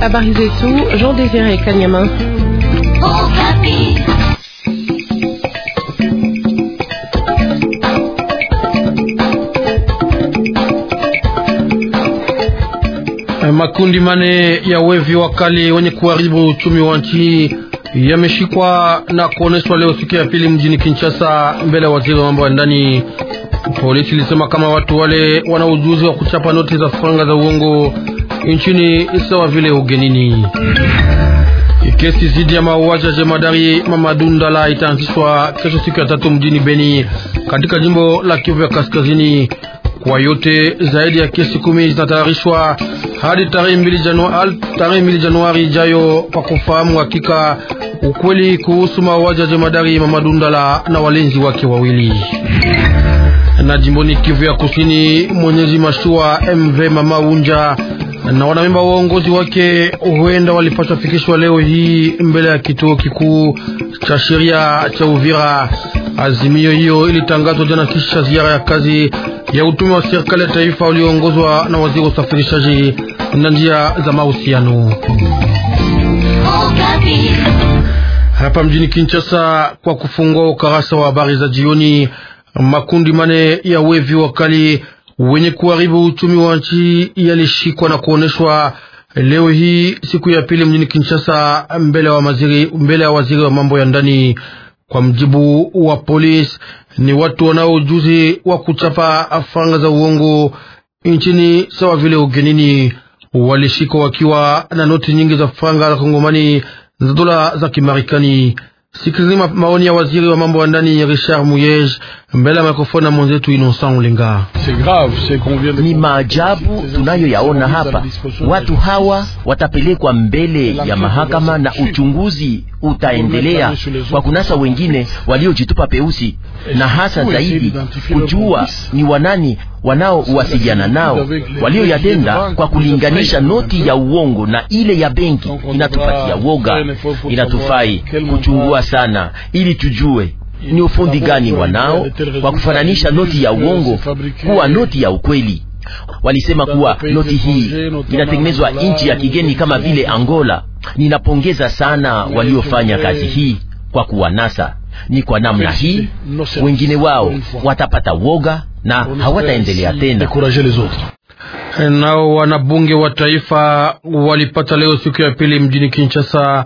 Habari zetu Jean Désiré Kanyama. Eh, makundi mane ya wevi wakali wenye kuharibu uchumi wa nchi yameshikwa na kuoneshwa leo siku ya pili mjini Kinshasa mbele ya waziri wa mambo ya ndani. Polisi ilisema kama watu wale wana ujuzi wa kuchapa noti za franga za uongo nchini sawa vile ugenini. Kesi zidi ya mauaji ya jemadari Mamadu itaanzishwa kesho siku ya tatu mjini Beni katika jimbo la Kivu ya Kaskazini. Kwa yote zaidi ya kesi kumi zinatayarishwa hadi tarehe mbili Januari ijayo kwa kufahamu hakika ukweli kuhusu mauaji ya jemadari Mamadundala na walinzi wake wawili. Na jimboni Kivu ya Kusini, mwenyezi mashua MV Mama Unja na wanamemba wa uongozi wake huenda walipaswa fikishwa leo hii mbele ya kituo kikuu cha sheria cha Uvira. Azimio hiyo ilitangazwa jana kisha ziara ya kazi ya utume wa serikali ya taifa ulioongozwa na waziri wa usafirishaji na njia za mahusiano. Hapa mjini Kinshasa, kwa kufungua ukarasa wa habari za jioni, makundi mane ya wevi wakali wenye kuharibu uchumi wa nchi yalishikwa na kuoneshwa leo hii siku ya pili mjini Kinshasa, mbele ya waziri wa mambo ya ndani kwa mjibu wa polisi, ni watu wanao ujuzi wa kuchapa afanga za uongo nchini sawa vile ugenini. Walishikwa wakiwa na noti nyingi za franga za Kongomani za dola za Kimarekani. Sikiliza maoni ya waziri wa mambo ya ndani Richard Muyej mbele ya mikrofoni na mwenzetu Innocent Ulenga. Ni maajabu tunayoyaona hapa. Watu hawa watapelekwa mbele ya mahakama na uchunguzi utaendelea kwa kunasa wengine waliojitupa peusi, na hasa zaidi kujua ni wanani wanaowasiliana nao walioyatenda, kwa kulinganisha noti ya uongo na ile ya benki. Inatupatia woga, inatufai kuchungua sana ili tujue ni ufundi gani wanao kwa kufananisha noti ya uongo kuwa noti ya ukweli? Walisema kuwa noti hii inatengenezwa nchi ya kigeni kama vile Angola. Ninapongeza sana waliofanya kazi hii kwa kuwanasa. Ni kwa namna hii wengine wao watapata woga na hawataendelea tena. Nao wanabunge wa taifa walipata leo siku ya pili mjini Kinshasa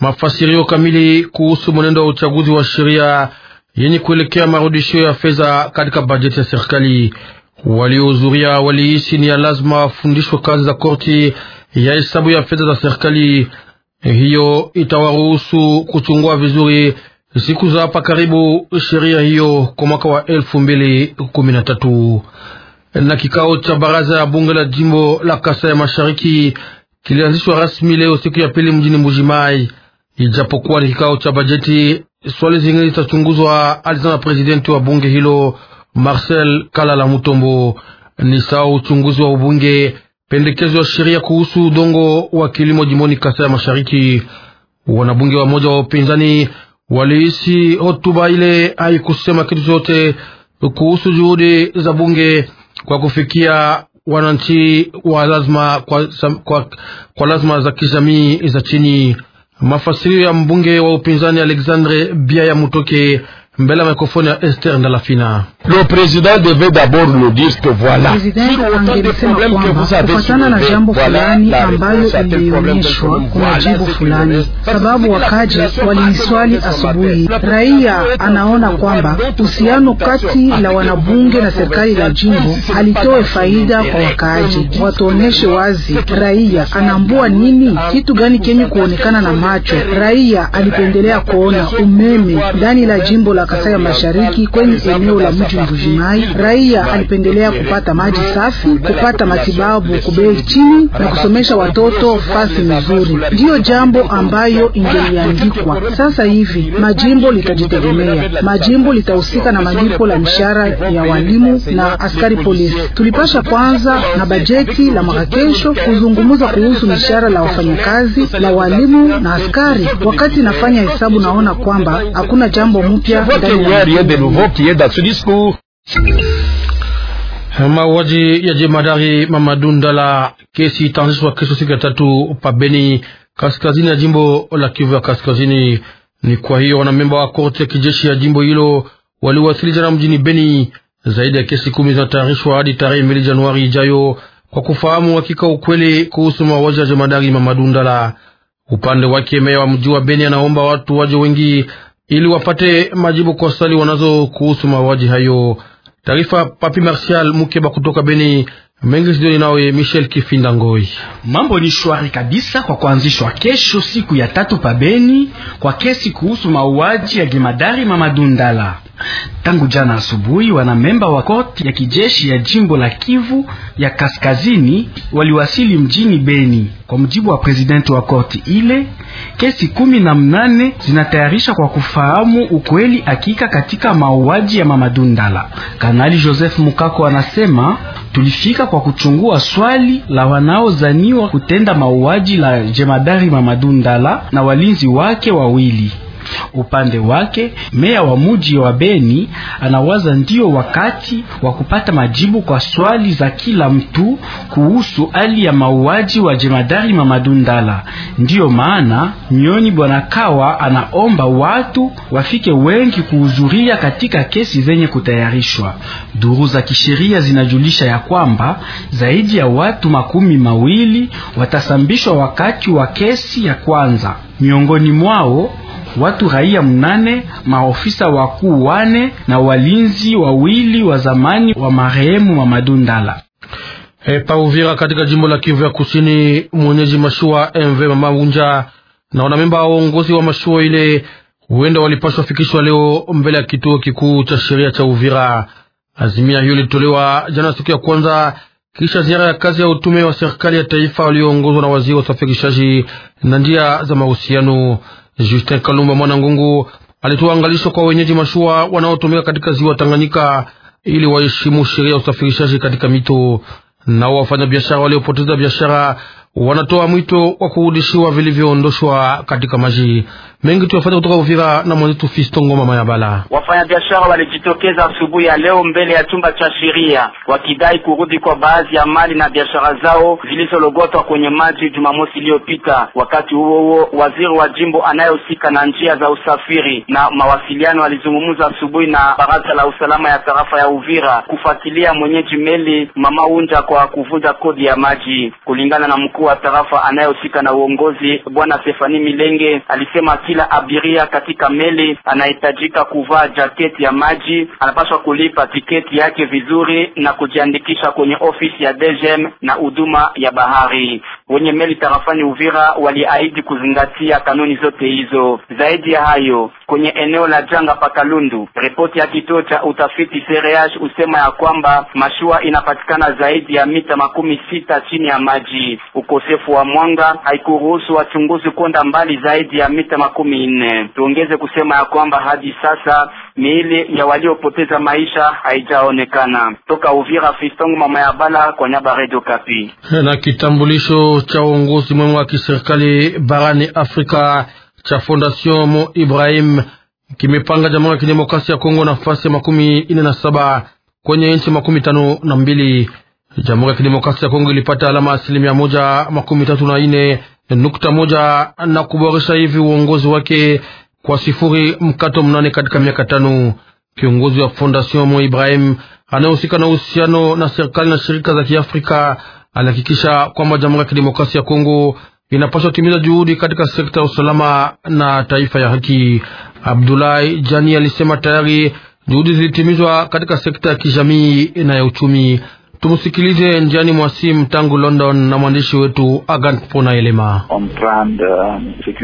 mafasirio kamili kuhusu mwenendo wa uchaguzi wa sheria yenye kuelekea marudisho ya fedha katika bajeti ya serikali. Waliohudhuria waliishi ni ya lazima wafundishwe kazi za korti ya hesabu ya fedha za serikali. Hiyo itawaruhusu kuchungua vizuri siku za hapa karibu sheria hiyo kwa mwaka wa elfu mbili kumi na tatu. Na kikao cha baraza ya bunge la jimbo la kasa ya Mashariki kilianzishwa rasmi leo siku ya pili mjini Mbujimai. Ijapokuwa ni kikao cha bajeti, swali zingine zitachunguzwa, alisema presidenti wa bunge hilo Marcel Kalala Mutombo. Ni sawa uchunguzi wa ubunge, pendekezo ya sheria kuhusu udongo wa kilimo jimoni Kasai ya Mashariki. Wanabunge wa moja wa upinzani walihisi hotuba ile haikusema kitu chochote kuhusu juhudi za bunge kwa kufikia wananchi wa lazima kwa, kwa, kwa lazima za kijamii za chini. Mafasirio ya mbunge wa upinzani Alexandre Bia ya Mutoke mbele ya mikrofoni ya Esther Ndalafina. Le président devait d'abord nous dire que voilà, kufuatana na jambo fulani ambayo ilionyeshwa kuna jibu fulani, sababu wakaji waliniswali asubuhi. Raia anaona kwamba uhusiano kati la wanabunge na serikali la jimbo halitoe faida kwa wakaji Watuoneshe wazi raia anambua nini, kitu gani kenye kuonekana na macho. Raia alipendelea kuona umeme ndani la jimbo la kasaya Kasai ya Mashariki kwenye eneo la mji Mbujimai, raia alipendelea kupata maji safi, kupata matibabu kubei chini na kusomesha watoto fasi nzuri, ndiyo jambo ambayo ingeliandikwa. Sasa hivi majimbo litajitegemea, majimbo litahusika na malipo la mishahara ya walimu na askari polisi. Tulipasha kwanza na bajeti la mwaka kesho kuzungumza kuhusu mishahara la wafanyakazi la walimu na askari. Wakati nafanya hesabu, naona kwamba hakuna jambo mpya vote hier, il y qui est dans ce discours. Mauaji ya jemadari Mamadu Ndala, kesi itaanzishwa kesho siku ya tatu pa Beni, kaskazini ya jimbo la Kivu ya Kaskazini. Ni kwa hiyo wanamemba wa korti ya kijeshi ya jimbo hilo waliwasili jana mjini Beni. Zaidi ya kesi kumi zinatayarishwa hadi tarehe mbili Januari ijayo kwa kufahamu hakika ukweli kuhusu mauaji ya jemadari Mamadu Ndala. Upande wake, meya wa mji wa Beni anaomba watu waje wengi ili wapate majibu kwa swali wanazo kuhusu mauaji hayo. Taarifa Papi Martial Mukeba kutoka Beni mengi Michel Kifinda Ngoi. Mambo ni shwari kabisa kwa kuanzishwa kesho siku ya tatu pabeni kwa kesi kuhusu mauaji ya Gemadari Mamadundala. Tangu jana asubuhi, wanamemba wa koti ya kijeshi ya jimbo la Kivu ya Kaskazini waliwasili mjini Beni. Kwa mujibu wa presidenti wa koti ile, kesi kumi na mnane zinatayarisha kwa kufahamu ukweli hakika katika mauaji ya Mamadundala. Kanali Joseph Mukako anasema tulifika kwa kuchungua swali la wanaozaniwa kutenda mauaji la jemadari Mamadou Ndala na walinzi wake wawili. Upande wake meya wa muji wa Beni anawaza ndio wakati wa kupata majibu kwa swali za kila mtu kuhusu hali ya mauaji wa jemadari Mamadu Ndala. Ndiyo maana nyoni bwana Kawa anaomba watu wafike wengi kuhudhuria katika kesi zenye kutayarishwa. Duru za kisheria zinajulisha ya kwamba zaidi ya watu makumi mawili watasambishwa wakati wa kesi ya kwanza, miongoni mwao watu raia mnane, maofisa wakuu wane na walinzi wawili wa zamani wa marehemu Mamadou Ndala. Eh, pa Uvira katika jimbo la Kivu ya Kusini, mwenyeji mashua MV Mama Unja na wanamemba wa uongozi wa mashua ile huenda walipashwa fikishwa leo mbele ya kituo kikuu cha sheria cha Uvira. Azimia hiyo ilitolewa jana siku ya kwanza kisha ziara ya kazi ya utume wa serikali ya taifa walioongozwa na waziri wa usafirishaji na njia za mahusiano. Justin Kalumba Mwanangungu Ngungu angalisho kwa wenyeji mashua wanaotumika katika ziwa Tanganyika ili waheshimu sheria ya usafirishaji katika mito. Nao wafanya biashara waliopoteza biashara wanatoa mwito wa kurudishiwa vilivyoondoshwa katika maji. Mengi tuyafata kutoka Uvira na mwenzetu Fiston Ngoma Mayabala. Wafanyabiashara walijitokeza asubuhi ya leo mbele ya chumba cha sheria wakidai kurudi kwa baadhi ya mali na biashara zao zilizologotwa kwenye maji Jumamosi iliyopita. Wakati huo huo, waziri wa jimbo anayehusika na njia za usafiri na mawasiliano alizungumza asubuhi na baraza la usalama ya tarafa ya Uvira kufuatilia mwenyeji meli Mama Unja kwa kuvunja kodi ya maji. Kulingana na mkuu wa tarafa anayehusika na uongozi, Bwana Stefani Milenge alisema kila abiria katika meli anahitajika kuvaa jaketi ya maji, anapaswa kulipa tiketi yake vizuri na kujiandikisha kwenye ofisi ya DGM na huduma ya bahari. Wenye meli tarafani Uvira waliahidi kuzingatia kanuni zote hizo. Zaidi ya hayo kwenye eneo la janga Pakalundu. Ripoti ya kituo cha utafiti Sereash husema ya kwamba mashua inapatikana zaidi ya mita makumi sita chini ya maji. Ukosefu wa mwanga haikuruhusu wachunguzi kwenda mbali zaidi ya mita makumi nne. Tuongeze kusema ya kwamba hadi sasa miili ya waliopoteza maisha haijaonekana. Toka Uvira, Fistong mama ya Bala kwa nyaba Radio Kapi. Na kitambulisho cha uongozi mwema wa kiserikali barani Afrika cha Fondation Mo Ibrahim kimepanga Jamhuri ya Kidemokrasia ya Kongo nafasi ya makumi ine na saba kwenye nchi makumi tano na mbili. Jamhuri ya Kidemokrasia ya Kongo ilipata alama asilimia moja makumi tatu na ine nukta moja na kuboresha hivi uongozi wake kwa sifuri mkato mnane katika miaka tano. Kiongozi wa Fondation Mo Ibrahim anayehusika na uhusiano na serikali na shirika za Kiafrika anahakikisha kwamba Jamhuri ya Kidemokrasia ya Kongo inapaswa timiza juhudi katika sekta ya usalama na taifa ya haki. Abdulahi Jani alisema tayari juhudi zilitimizwa katika sekta ya kijamii na ya uchumi. Tumusikilize njiani mwa simu tangu London na mwandishi wetu Agan Pona Elema. Uh,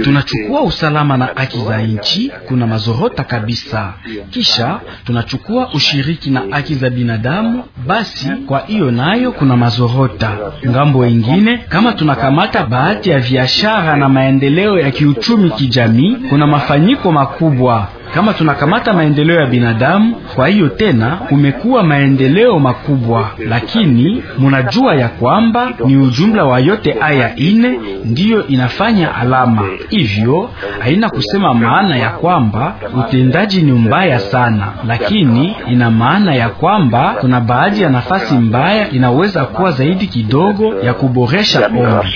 tunachukua usalama na haki za nchi, kuna mazorota kabisa, kisha tunachukua ushiriki na haki za binadamu, basi kwa hiyo nayo kuna mazorota ngambo ingine. Kama tunakamata baadhi ya biashara na maendeleo ya kiuchumi kijamii, kuna mafanyiko makubwa kama tunakamata maendeleo ya binadamu. Kwa hiyo tena kumekuwa maendeleo makubwa, lakini munajua ya kwamba ni ujumla wa yote haya ine ndiyo inafanya alama. Hivyo haina kusema maana ya kwamba utendaji ni mbaya sana, lakini ina maana ya kwamba kuna baadhi ya nafasi mbaya inaweza kuwa zaidi kidogo ya kuboresha ombi.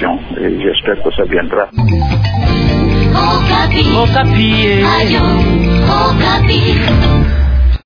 Okapi. Okapi. Eh.